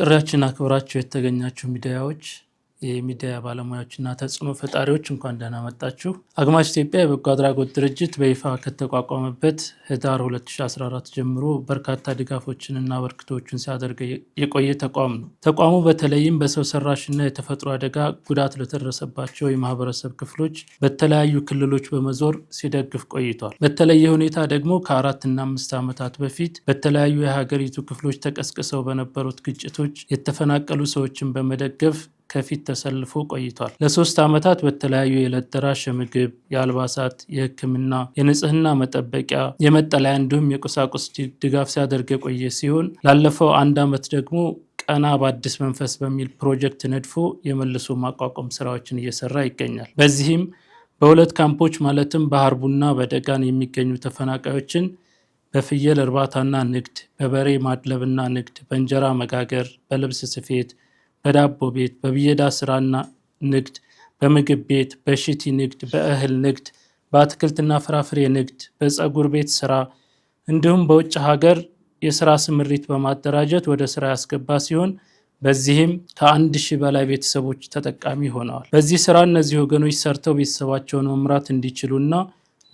ጥሪያችን አክብራችሁ የተገኛችሁ ሚዲያዎች የሚዲያ ባለሙያዎችና ተጽዕኖ ፈጣሪዎች እንኳን ደህና መጣችሁ። አግማስ ኢትዮጵያ የበጎ አድራጎት ድርጅት በይፋ ከተቋቋመበት ህዳር 2014 ጀምሮ በርካታ ድጋፎችንና በርክቶችን ሲያደርግ የቆየ ተቋም ነው። ተቋሙ በተለይም በሰው ሰራሽና የተፈጥሮ አደጋ ጉዳት ለተደረሰባቸው የማህበረሰብ ክፍሎች በተለያዩ ክልሎች በመዞር ሲደግፍ ቆይቷል። በተለየ ሁኔታ ደግሞ ከአራት እና አምስት ዓመታት በፊት በተለያዩ የሀገሪቱ ክፍሎች ተቀስቅሰው በነበሩት ግጭቶች የተፈናቀሉ ሰዎችን በመደገፍ ከፊት ተሰልፎ ቆይቷል። ለሶስት ዓመታት በተለያዩ የዕለት ደራሽ የምግብ፣ የአልባሳት፣ የሕክምና፣ የንጽህና መጠበቂያ፣ የመጠለያ እንዲሁም የቁሳቁስ ድጋፍ ሲያደርግ የቆየ ሲሆን ላለፈው አንድ ዓመት ደግሞ ቀና በአዲስ መንፈስ በሚል ፕሮጀክት ነድፎ የመልሶ ማቋቋም ስራዎችን እየሰራ ይገኛል። በዚህም በሁለት ካምፖች ማለትም በሀርቡና በደጋን የሚገኙ ተፈናቃዮችን በፍየል እርባታና ንግድ፣ በበሬ ማድለብና ንግድ፣ በእንጀራ መጋገር፣ በልብስ ስፌት በዳቦ ቤት፣ በብየዳ ስራና ንግድ፣ በምግብ ቤት፣ በሽቲ ንግድ፣ በእህል ንግድ፣ በአትክልትና ፍራፍሬ ንግድ፣ በፀጉር ቤት ስራ እንዲሁም በውጭ ሀገር የስራ ስምሪት በማደራጀት ወደ ስራ ያስገባ ሲሆን በዚህም ከአንድ ሺህ በላይ ቤተሰቦች ተጠቃሚ ሆነዋል። በዚህ ስራ እነዚህ ወገኖች ሰርተው ቤተሰባቸውን መምራት እንዲችሉና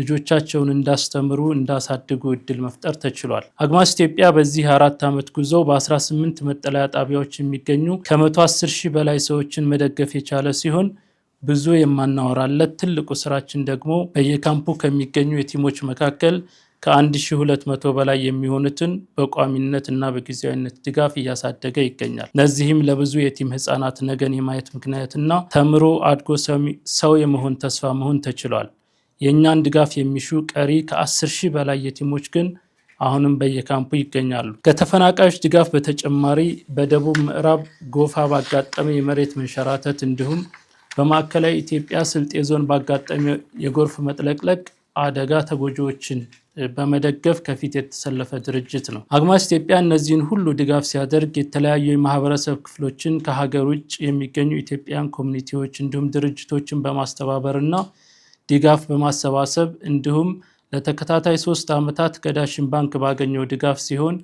ልጆቻቸውን እንዳስተምሩ እንዳሳድጉ እድል መፍጠር ተችሏል። አግማስ ኢትዮጵያ በዚህ አራት ዓመት ጉዞ በ18 መጠለያ ጣቢያዎች የሚገኙ ከ110 ሺህ በላይ ሰዎችን መደገፍ የቻለ ሲሆን ብዙ የማናወራለት ትልቁ ስራችን ደግሞ በየካምፑ ከሚገኙ የቲሞች መካከል ከ1200 በላይ የሚሆኑትን በቋሚነት እና በጊዜያዊነት ድጋፍ እያሳደገ ይገኛል። ለዚህም ለብዙ የቲም ህፃናት ነገን የማየት ምክንያትና ተምሮ አድጎ ሰው የመሆን ተስፋ መሆን ተችሏል። የእኛን ድጋፍ የሚሹ ቀሪ ከአስር ሺህ በላይ የቲሞች ግን አሁንም በየካምፑ ይገኛሉ። ከተፈናቃዮች ድጋፍ በተጨማሪ በደቡብ ምዕራብ ጎፋ ባጋጠመ የመሬት መንሸራተት እንዲሁም በማዕከላዊ ኢትዮጵያ ስልጤ ዞን ባጋጠመ የጎርፍ መጥለቅለቅ አደጋ ተጎጂዎችን በመደገፍ ከፊት የተሰለፈ ድርጅት ነው። አግማስ ኢትዮጵያ እነዚህን ሁሉ ድጋፍ ሲያደርግ የተለያዩ የማህበረሰብ ክፍሎችን ከሀገር ውጭ የሚገኙ ኢትዮጵያን ኮሚኒቲዎች እንዲሁም ድርጅቶችን በማስተባበር እና ድጋፍ በማሰባሰብ እንዲሁም ለተከታታይ ሶስት ዓመታት ከዳሽን ባንክ ባገኘው ድጋፍ ሲሆን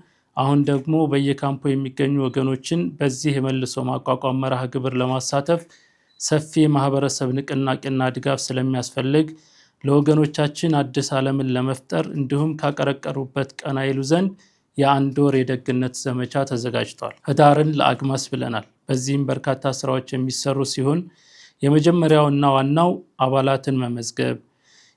አሁን ደግሞ በየካምፑ የሚገኙ ወገኖችን በዚህ የመልሶ ማቋቋም መርሃ ግብር ለማሳተፍ ሰፊ የማህበረሰብ ንቅናቄና ድጋፍ ስለሚያስፈልግ ለወገኖቻችን አዲስ ዓለምን ለመፍጠር እንዲሁም ካቀረቀሩበት ቀና ይሉ ዘንድ የአንድ ወር የደግነት ዘመቻ ተዘጋጅቷል። ህዳርን ለአግማስ ብለናል። በዚህም በርካታ ስራዎች የሚሰሩ ሲሆን የመጀመሪያውና ዋናው አባላትን መመዝገብ፣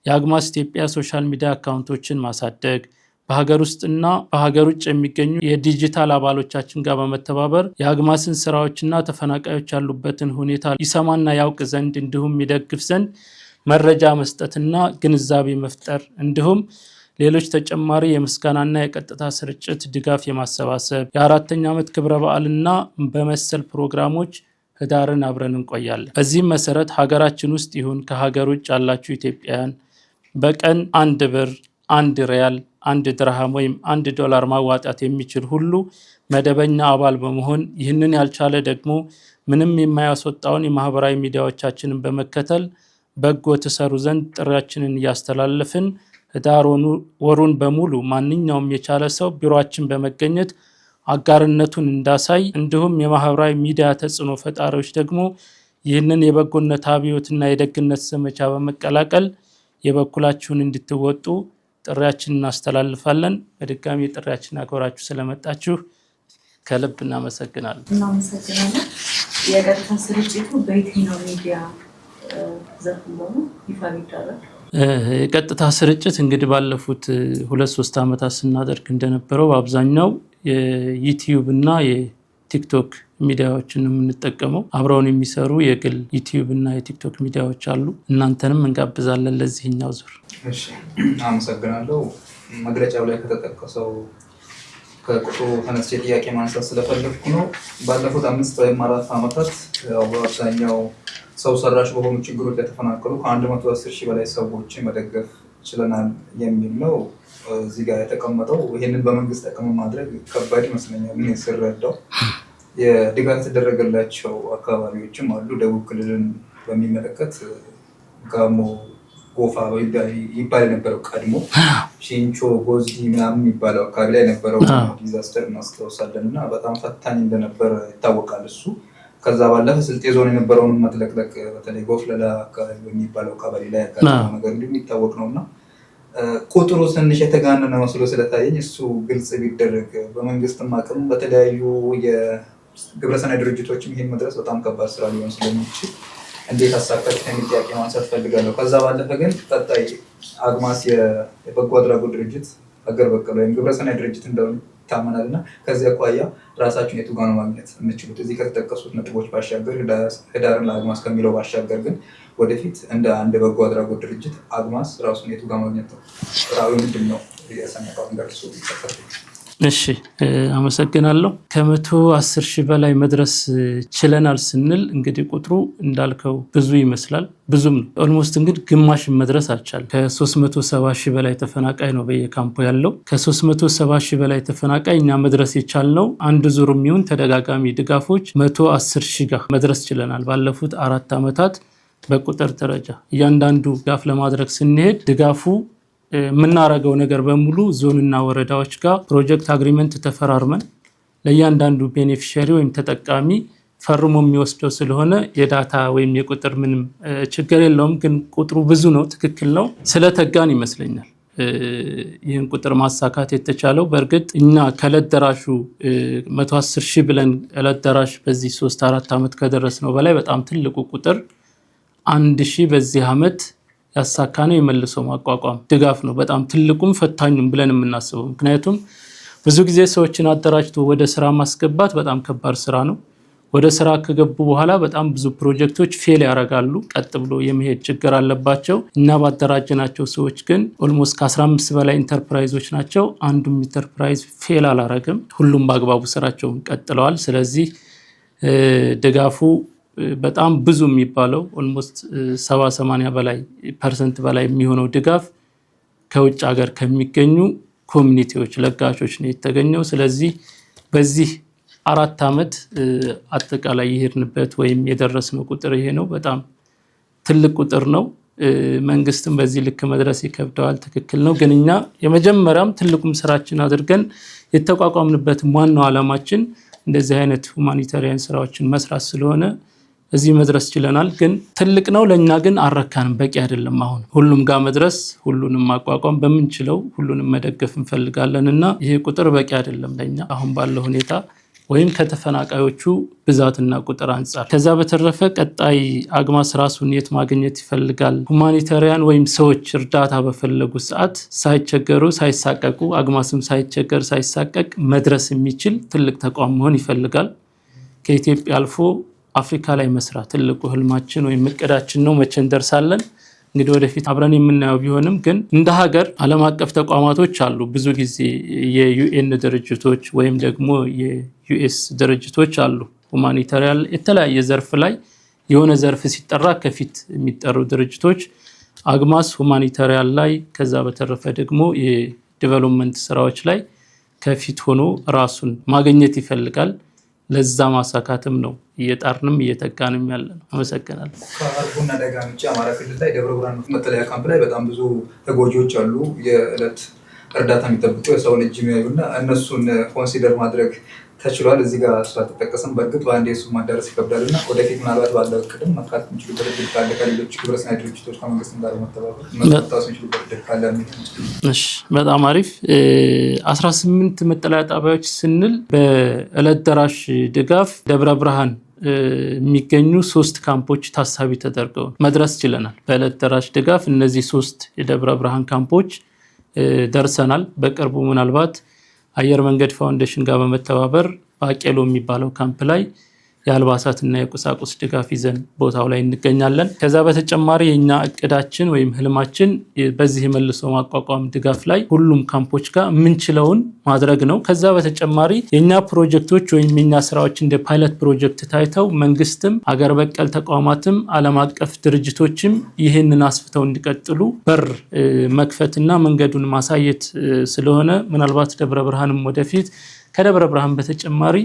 የአግማስ ኢትዮጵያ ሶሻል ሚዲያ አካውንቶችን ማሳደግ በሀገር ውስጥና በሀገር ውጭ የሚገኙ የዲጂታል አባሎቻችን ጋር በመተባበር የአግማስን ስራዎችና ተፈናቃዮች ያሉበትን ሁኔታ ይሰማና ያውቅ ዘንድ እንዲሁም ይደግፍ ዘንድ መረጃ መስጠትና ግንዛቤ መፍጠር እንዲሁም ሌሎች ተጨማሪ የምስጋናና የቀጥታ ስርጭት ድጋፍ የማሰባሰብ የአራተኛ ዓመት ክብረ በዓልና በመሰል ፕሮግራሞች ህዳርን አብረን እንቆያለን። በዚህም መሰረት ሀገራችን ውስጥ ይሁን ከሀገር ውጭ ያላችሁ ኢትዮጵያውያን በቀን አንድ ብር፣ አንድ ሪያል፣ አንድ ድርሃም ወይም አንድ ዶላር ማዋጣት የሚችል ሁሉ መደበኛ አባል በመሆን ይህንን ያልቻለ ደግሞ ምንም የማያስወጣውን የማህበራዊ ሚዲያዎቻችንን በመከተል በጎ ትሰሩ ዘንድ ጥሪያችንን እያስተላለፍን ህዳር ወሩን በሙሉ ማንኛውም የቻለ ሰው ቢሮችን በመገኘት አጋርነቱን እንዳሳይ እንዲሁም የማህበራዊ ሚዲያ ተጽዕኖ ፈጣሪዎች ደግሞ ይህንን የበጎነት አብዮትና የደግነት ዘመቻ በመቀላቀል የበኩላችሁን እንድትወጡ ጥሪያችን እናስተላልፋለን። በድጋሚ ጥሪያችን አክብራችሁ ስለመጣችሁ ከልብ እናመሰግናለን። እናመሰግናለን። የቀጥታ ስርጭቱ በየትኛው ሚዲያ መሆኑ ይፋ የቀጥታ ስርጭት እንግዲህ ባለፉት ሁለት ሶስት ዓመታት ስናደርግ እንደነበረው በአብዛኛው የዩቲዩብ እና የቲክቶክ ሚዲያዎችን የምንጠቀመው አብረውን የሚሰሩ የግል ዩቲዩብ እና የቲክቶክ ሚዲያዎች አሉ። እናንተንም እንጋብዛለን ለዚህኛው ዙር። አመሰግናለሁ። መግለጫው ላይ ከተጠቀሰው ከቁጡ ተነስቼ ጥያቄ ማንሳት ስለፈለግኩ ነው። ባለፉት አምስት ወይም አራት ዓመታት በአብዛኛው ሰው ሰራሽ በሆኑ ችግሮች ላይ ተፈናቀሉ ከአንድ መቶ አስር ሺህ በላይ ሰዎችን መደገፍ ችለናል የሚል ነው እዚህ ጋር የተቀመጠው። ይህንን በመንግስት ጥቅም ማድረግ ከባድ ይመስለኛል ምን ስረዳው። የድጋፍ የተደረገላቸው አካባቢዎችም አሉ። ደቡብ ክልልን በሚመለከት ጋሞ ጎፋ ይባል የነበረው ቀድሞ ሺንቾ ጎዝዲ ምናምን የሚባለው አካባቢ ላይ የነበረው ዲዛስተር እናስታውሳለን እና በጣም ፈታኝ እንደነበረ ይታወቃል እሱ ከዛ ባለፈ ስልጤ ዞን የነበረውን መጥለቅለቅ በተለይ ጎፍለላ አካባቢ በሚባለው ቀበሌ ላይ ያጋጠመው ነገር እንዲሁም የሚታወቅ ነው እና ቁጥሩ ትንሽ የተጋነነ መስሎ ስለታየኝ እሱ ግልጽ ቢደረግ በመንግስትም አቅም በተለያዩ የግብረሰናይ ድርጅቶችም ይህን መድረስ በጣም ከባድ ስራ ሊሆን ስለሚችል እንዴት አሳካች ከሚል ጥያቄ ማንሳት ፈልጋለሁ። ከዛ ባለፈ ግን ቀጣይ አግማስ የበጎ አድራጎት ድርጅት ሀገር በቀል ወይም ግብረሰናይ ድርጅት እንደሆነ ይታመናል እና ከዚህ አኳያ ራሳችሁን የቱ ጋ ነው ማግኘት የምችሉት? እዚህ ከተጠቀሱት ነጥቦች ባሻገር ህዳርን ለአግማስ ከሚለው ባሻገር ግን ወደፊት እንደ አንድ በጎ አድራጎት ድርጅት አግማስ ራሱን የቱ ጋ ማግኘት ነው? ስራዊ ምንድን ነው? ያሰነቃውን ገርሱ ይጠቀሱ እሺ አመሰግናለሁ። ከመቶ አስር ሺህ በላይ መድረስ ችለናል ስንል እንግዲህ ቁጥሩ እንዳልከው ብዙ ይመስላል። ብዙም ነው። ኦልሞስት እንግዲህ ግማሽን መድረስ አልቻለም። ከ370 ሺህ በላይ ተፈናቃይ ነው በየካምፖ ያለው። ከ370 ሺህ በላይ ተፈናቃይ እኛ መድረስ የቻልነው አንድ ዙር የሚሆን ተደጋጋሚ ድጋፎች መቶ አስር ሺህ ጋር መድረስ ችለናል ባለፉት አራት ዓመታት በቁጥር ደረጃ እያንዳንዱ ድጋፍ ለማድረግ ስንሄድ ድጋፉ የምናረገው ነገር በሙሉ ዞንና ወረዳዎች ጋር ፕሮጀክት አግሪመንት ተፈራርመን ለእያንዳንዱ ቤኔፊሻሪ ወይም ተጠቃሚ ፈርሞ የሚወስደው ስለሆነ የዳታ ወይም የቁጥር ምንም ችግር የለውም። ግን ቁጥሩ ብዙ ነው፣ ትክክል ነው። ስለተጋን ይመስለኛል ይህን ቁጥር ማሳካት የተቻለው በእርግጥ እኛ ከለደራሹ 110 ሺህ ብለን ለደራሽ በዚህ ሶስት አራት ዓመት ከደረስ ነው በላይ በጣም ትልቁ ቁጥር አንድ ሺህ በዚህ ዓመት ያሳካ ነው። የመልሶ ማቋቋም ድጋፍ ነው በጣም ትልቁም ፈታኙም ብለን የምናስበው። ምክንያቱም ብዙ ጊዜ ሰዎችን አደራጅቶ ወደ ስራ ማስገባት በጣም ከባድ ስራ ነው። ወደ ስራ ከገቡ በኋላ በጣም ብዙ ፕሮጀክቶች ፌል ያደርጋሉ። ቀጥ ብሎ የመሄድ ችግር አለባቸው እና ባደራጀናቸው ሰዎች ግን ኦልሞስት ከ15 በላይ ኢንተርፕራይዞች ናቸው። አንዱም ኢንተርፕራይዝ ፌል አላረግም። ሁሉም በአግባቡ ስራቸውን ቀጥለዋል። ስለዚህ ድጋፉ በጣም ብዙ የሚባለው ኦልሞስት ሰባ በላይ ፐርሰንት በላይ የሚሆነው ድጋፍ ከውጭ ሀገር ከሚገኙ ኮሚኒቲዎች ለጋሾች ነው የተገኘው። ስለዚህ በዚህ አራት ዓመት አጠቃላይ የሄድንበት ወይም የደረስነው ቁጥር ይሄ ነው። በጣም ትልቅ ቁጥር ነው። መንግስትም በዚህ ልክ መድረስ ይከብደዋል። ትክክል ነው። ግን እኛ የመጀመሪያም ትልቁም ስራችን አድርገን የተቋቋምንበትም ዋናው ዓላማችን እንደዚህ አይነት ሁማኒታሪያን ስራዎችን መስራት ስለሆነ እዚህ መድረስ ችለናል፣ ግን ትልቅ ነው ለእኛ ግን አረካንም በቂ አይደለም። አሁን ሁሉም ጋር መድረስ፣ ሁሉንም ማቋቋም በምንችለው ሁሉንም መደገፍ እንፈልጋለን እና ይሄ ቁጥር በቂ አይደለም ለእኛ አሁን ባለው ሁኔታ ወይም ከተፈናቃዮቹ ብዛትና ቁጥር አንጻር። ከዛ በተረፈ ቀጣይ አግማስ ራሱን የት ማግኘት ይፈልጋል? ሁማኒታሪያን ወይም ሰዎች እርዳታ በፈለጉ ሰዓት ሳይቸገሩ ሳይሳቀቁ፣ አግማስም ሳይቸገር ሳይሳቀቅ መድረስ የሚችል ትልቅ ተቋም መሆን ይፈልጋል። ከኢትዮጵያ አልፎ አፍሪካ ላይ መስራት ትልቁ ህልማችን ወይም እቅዳችን ነው። መቼ እንደርሳለን? እንግዲህ ወደፊት አብረን የምናየው ቢሆንም ግን እንደ ሀገር ዓለም አቀፍ ተቋማቶች አሉ። ብዙ ጊዜ የዩኤን ድርጅቶች ወይም ደግሞ የዩኤስ ድርጅቶች አሉ። ሁማኒታሪያል የተለያየ ዘርፍ ላይ የሆነ ዘርፍ ሲጠራ ከፊት የሚጠሩ ድርጅቶች አግማስ ሁማኒታሪያን ላይ፣ ከዛ በተረፈ ደግሞ የዲቨሎፕመንት ስራዎች ላይ ከፊት ሆኖ ራሱን ማግኘት ይፈልጋል። ለዛ ማሳካትም ነው እየጣርንም እየተጋንም ያለ ነው። አመሰግናለሁ። ከአርጎና ዳጋምቻ አማራ ክልል ላይ ደብረ ብርሃን መጠለያ ካምፕ ላይ በጣም ብዙ ተጎጂዎች አሉ። የዕለት እርዳታ የሚጠብቁ የሰውን እጅ የሚያዩና እነሱን ኮንሲደር ማድረግ ተችሏል። እዚህ ጋር ስላልተጠቀሰም በእርግጥ በአንድ የሱ ማዳረስ ይከብዳል እና ወደፊት ምናልባት ባለው እቅድም መካት የሚችሉበት እድል ካለ ከሌሎች ግብረሰናይ ድርጅቶች ከመንግስት ጋር መተባበር የሚችሉበት እድል ካለ እሺ፣ በጣም አሪፍ። አስራ ስምንት መጠለያ ጣቢያዎች ስንል በዕለት ደራሽ ድጋፍ ደብረ ብርሃን የሚገኙ ሶስት ካምፖች ታሳቢ ተደርገው መድረስ ችለናል። በዕለት ደራሽ ድጋፍ እነዚህ ሶስት የደብረ ብርሃን ካምፖች ደርሰናል። በቅርቡ ምናልባት አየር መንገድ ፋውንዴሽን ጋር በመተባበር ባቄሎ የሚባለው ካምፕ ላይ የአልባሳትና የቁሳቁስ ድጋፍ ይዘን ቦታው ላይ እንገኛለን። ከዛ በተጨማሪ የኛ እቅዳችን ወይም ህልማችን በዚህ የመልሶ ማቋቋም ድጋፍ ላይ ሁሉም ካምፖች ጋር የምንችለውን ማድረግ ነው። ከዛ በተጨማሪ የእኛ ፕሮጀክቶች ወይም የኛ ስራዎች እንደ ፓይለት ፕሮጀክት ታይተው መንግስትም፣ አገር በቀል ተቋማትም፣ ዓለም አቀፍ ድርጅቶችም ይህንን አስፍተው እንዲቀጥሉ በር መክፈትና መንገዱን ማሳየት ስለሆነ ምናልባት ደብረ ብርሃንም ወደፊት ከደብረ ብርሃን በተጨማሪ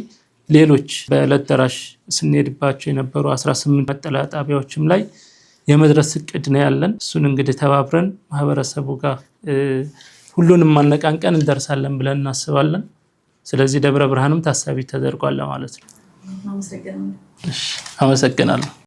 ሌሎች በዕለት ደራሽ ስንሄድባቸው የነበሩ 18 መጠለያ ጣቢያዎችም ላይ የመድረስ እቅድ ነው ያለን። እሱን እንግዲህ ተባብረን ማህበረሰቡ ጋር ሁሉንም ማነቃንቀን እንደርሳለን ብለን እናስባለን። ስለዚህ ደብረ ብርሃንም ታሳቢ ተደርጓል ማለት ነው። አመሰግናለሁ።